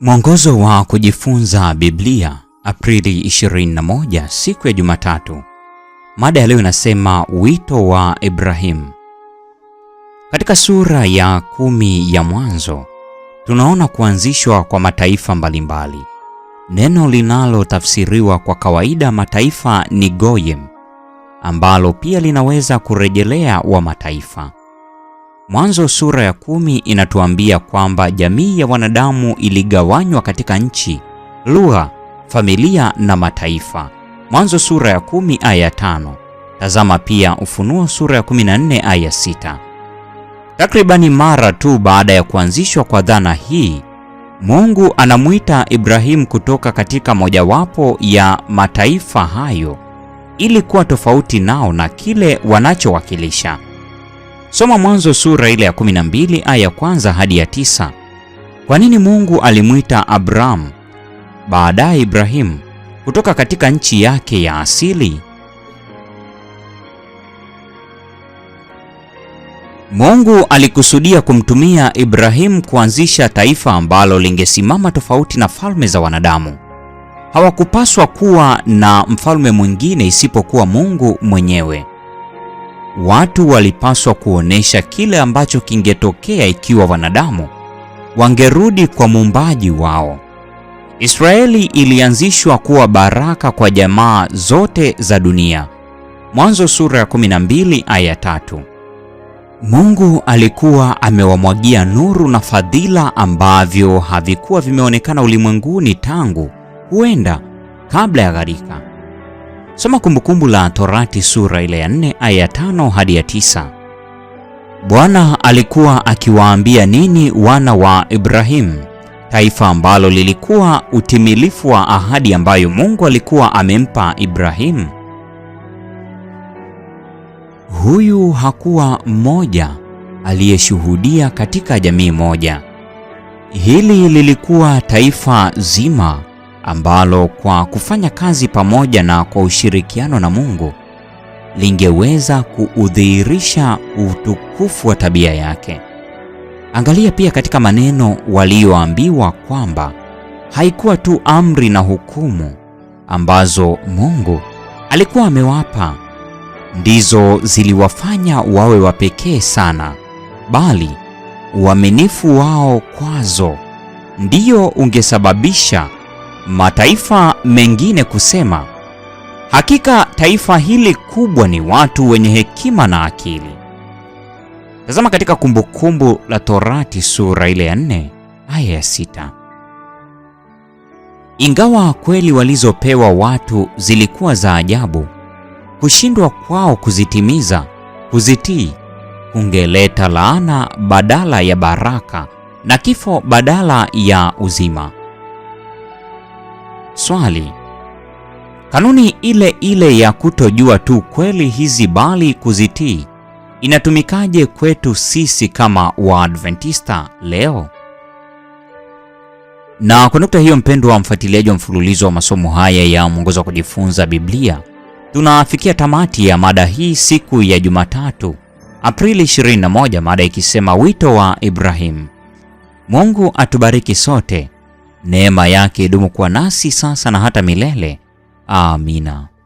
Mwongozo wa kujifunza Biblia, Aprili 21, siku ya Jumatatu. Mada ya leo inasema wito wa Ibrahimu. Katika sura ya kumi ya Mwanzo tunaona kuanzishwa kwa mataifa mbalimbali. Neno linalotafsiriwa kwa kawaida mataifa ni goyim, ambalo pia linaweza kurejelea wa mataifa. Mwanzo sura ya kumi inatuambia kwamba jamii ya wanadamu iligawanywa katika nchi, lugha, familia na mataifa. Mwanzo sura ya kumi aya tano. Tazama pia Ufunuo sura ya 14 aya sita. Takribani mara tu baada ya kuanzishwa kwa dhana hii, Mungu anamwita Ibrahimu kutoka katika mojawapo ya mataifa hayo ili kuwa tofauti nao na kile wanachowakilisha. Soma Mwanzo sura ile ya 12 aya ya kwanza hadi ya tisa. Kwa nini Mungu alimwita abraham baadaye Ibrahimu kutoka katika nchi yake ya asili? Mungu alikusudia kumtumia Ibrahimu kuanzisha taifa ambalo lingesimama tofauti na falme za wanadamu. Hawakupaswa kuwa na mfalme mwingine isipokuwa Mungu mwenyewe watu walipaswa kuonesha kile ambacho kingetokea ikiwa wanadamu wangerudi kwa muumbaji wao. Israeli ilianzishwa kuwa baraka kwa jamaa zote za dunia. Mwanzo sura ya 12 aya tatu. Mungu alikuwa amewamwagia nuru na fadhila ambavyo havikuwa vimeonekana ulimwenguni tangu huenda kabla ya gharika. Soma Kumbukumbu la Torati sura ile ya 4 aya ya 5 hadi ya 9. Bwana alikuwa akiwaambia nini wana wa Ibrahimu, taifa ambalo lilikuwa utimilifu wa ahadi ambayo Mungu alikuwa amempa Ibrahimu? Huyu hakuwa mmoja aliyeshuhudia katika jamii moja. Hili lilikuwa taifa zima ambalo kwa kufanya kazi pamoja na kwa ushirikiano na Mungu lingeweza kuudhihirisha utukufu wa tabia yake. Angalia pia katika maneno walioambiwa kwamba haikuwa tu amri na hukumu ambazo Mungu alikuwa amewapa ndizo ziliwafanya wawe wa pekee sana, bali uaminifu wao kwazo ndio ungesababisha mataifa mengine kusema, hakika taifa hili kubwa ni watu wenye hekima na akili. Tazama katika Kumbukumbu kumbu la Torati sura ile ya 4 aya ya 6. Ingawa kweli walizopewa watu zilikuwa za ajabu, kushindwa kwao kuzitimiza, kuzitii, kungeleta laana badala ya baraka na kifo badala ya uzima. Swali: kanuni ile ile ya kutojua tu kweli hizi bali kuzitii inatumikaje kwetu sisi kama Waadventista leo? Na kwa nukta hiyo, mpendwa mfuatiliaji wa mfululizo wa masomo haya ya mwongozo wa kujifunza Biblia, tunafikia tamati ya mada hii siku ya Jumatatu Aprili 21, mada ikisema wito wa Ibrahimu. Mungu atubariki sote. Neema yake idumu kuwa nasi sasa na hata milele. Amina.